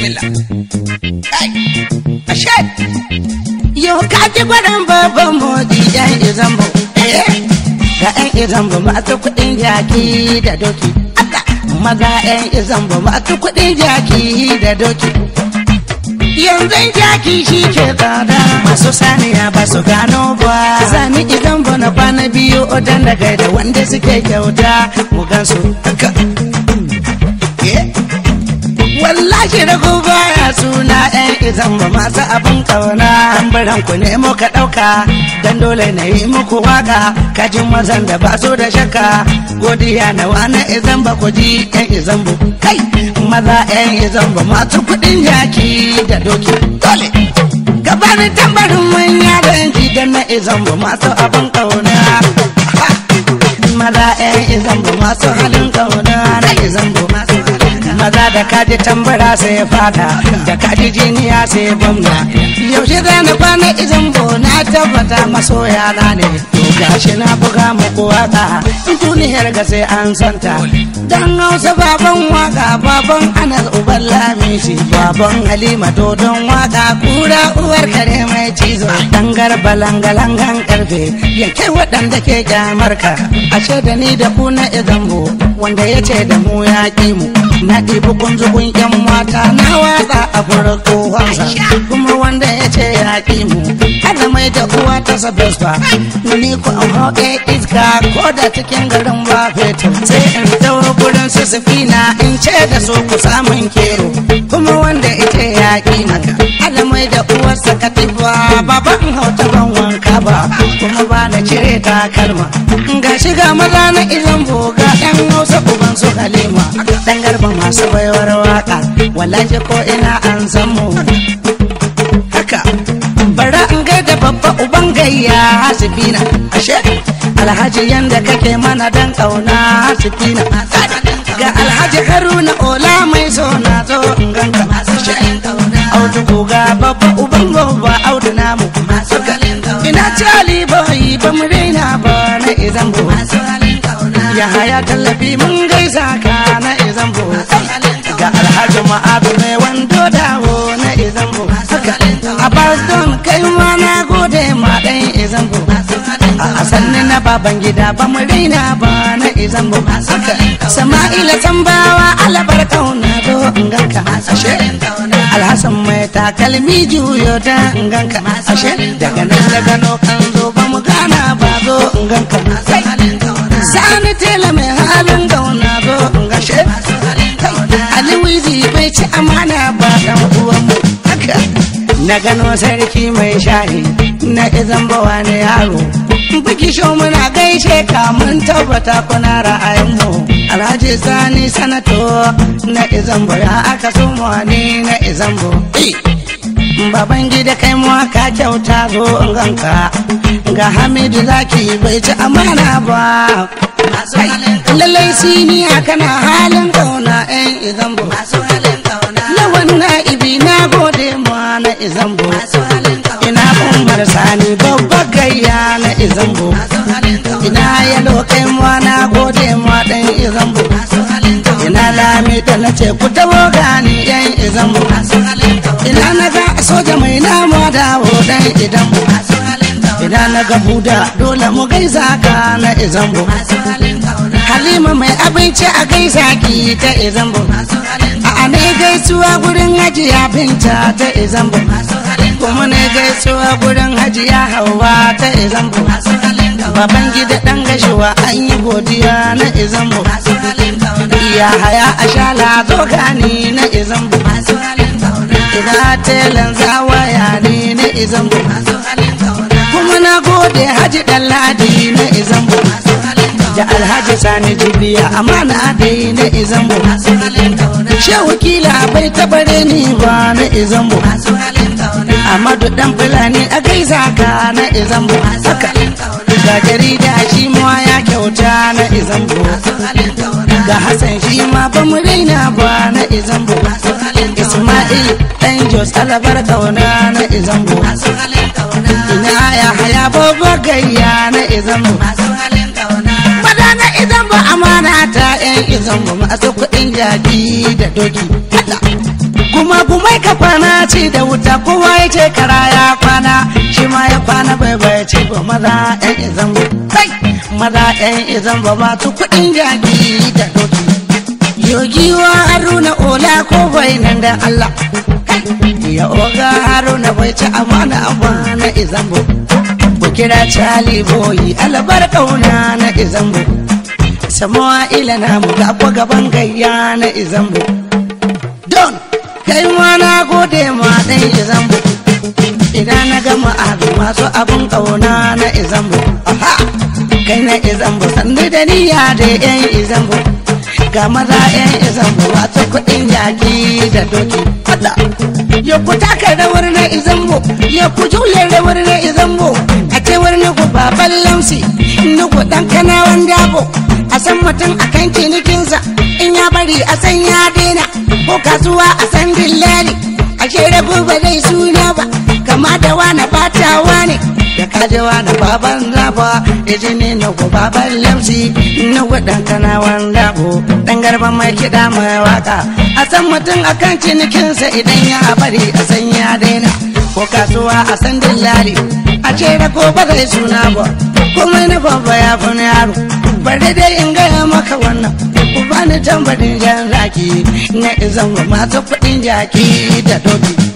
bismillah ashe yau ka ji gwaran babban modi yan izambo eh? ga yan izambo masu kuɗin jaki da doki maza yan izambo masu kuɗin jaki da doki yanzu jaki shi ke tsada masu saniya ba su gano ba zani idan na kwana biyu odan daga da wanda suke kyauta mu gansu zan masu abin kauna tambaran ku nemo ka ɗauka dan dole na yi muku waka kajin mazan da ba su da shakka godiya na wani izan ba ku ji yan izan zambu kai maza yan izan ba masu kuɗin yaki da doki dole gabanin tambarin manya da yanki dan na izan ba masu abin kauna maza yan izan ba masu halin kauna na izan ba masu maza da kaji tambara sai fada da kaji jini masoya sai bamza yaushe za na kwana izin bo na tabbata masoya na ne gashi na buga muku waka duniyar ga sai an santa dan hausa baban waka baban anas uban lamisi baban halima dodon waka kura uwar kare mai cizo dangar balangalangan karfe yanke waɗanda ke kyamarka ce da ni da ku na izan bo wanda ya ce da mu ya mu na bukun kunzugun yan mata na watsa a farko wanza kuma wanda ya ce ya ƙi mu ana mai da uwa ta sabista ni ku an hauke iska ko da cikin garin ba fetur sai in dauro gurin su in ce da su ku samun kero kuma wanda ya ce ya ƙi naka ana mai da uwarsa katifa baba in hauta ban ba kuma ba na cire kalma. ga shiga maza na izan boga yan hausa uban su halima dan garba masu baiwar waka wallahi ko ina an mu. haka bara in ga da babba uban gayya hasibina ashe alhaji yanda kake mana dan kauna hasibina ga alhaji haruna ola mai zo na zo in ganka audu goga babba uban goba audu mu masu naturally boy ba mu raina ba na izambo ya haya tallafi mun gaisa zaka na izambo ga alhaji ma'abu mai wando dawo na izambo a boston kai ma na gode ma ɗan izambo a sannin na baban gida ba mu raina ba na izambo sama'ila tambawa alabar kauna do in ganka alhassan takalmi juyo ta ganka ashe daga nan da gano kan zo ba mu gana ba zo ganka sani tela mai halin gauna zo gashe aliwizi bai ci amana ba dan mu haka na gano sarki mai shahi na izan bawa ne yaro biki sho muna gaishe ka mun tabbata kuna mu. alhaji sani sanato na izambo ya aka so ni na izambo baban gida kai mu ka kyauta zo ganka ga hamidu zaki bai ci amana ba lallai aka kana halin kauna yan eh, izambo na wannan ibi na gode ma na izambo babba gayya na izambo ina yalo kai mwa na gode mwa dan izambo ina lami da na ce ku tabo gani yan izambo ina na ga soja mai namu dawo dan idambo ina na ga buda dole mu gaisa ka na izambo halima mai abinci a gaisa ki ta izambo a ne gaisuwa gurin hajiya binta ta izambo kuma ne gaisuwa gurin hajiya hawa ta izambo baban gida dan gashuwa an yi godiya na izambo ya haya a shala zo gani na izambo ina telan zawaya ne na izambo kuma na gode haji dan ladi na izambo da alhaji sani jibiya amana dai na izambo shehu kila bai tabare ni ba na izambo Amadu dan Fulani a kai zaka na izambo haka ga jarida shi ma ya kyauta na izambo ga Hassan shi ma ba mu raina ba na izambo Ismail dan Jos alabar kauna na izambo ina ya haya bobo gayya na izambo Bada na izambo amana ta yan izambo masu kuɗin jaji da doki. kuma gumai ka kwana ci da wuta kowa ya ce kara ya kwana shi ma ya kwana bai bai ci ba maza yan izan kai maza yan izan ba ba su kudin jaki da doki wa aruna ola ko bai nan da allah ya oga haruna bai ci amana amana izan ba ku kira chali boyi alabar kauna na izan ba samuwa ila na mu gaban gayya na izan ba don't kai ma na gode ma dan izambu idan na gama abu masu abun kauna na izambu aha kai na izambu sannu da niyya da yan izambu ga maza yan izambu wato kuɗin yaki da doki fada ya ku taka rawar na izambu ya ku da rawar na izambu a ce cewar nuku baban lamsi ku dan kanawan dabo a san mutum a kan cinikinsa in ya bari a san ya daina ko kasuwa a ajewa na baban lafa izini na ku baban lamsi na wadan kanawan ko. dan garban mai kiɗa mai waka a san mutum akan cinikinsa idan ya bari a san ya daina ko kasuwa a san dillali a ce da ko ba zai suna ba komai na babba ya fi yaro bari dai in gaya maka wannan ku bani tambarin jan zaki na izan masu kuɗin jaki da doki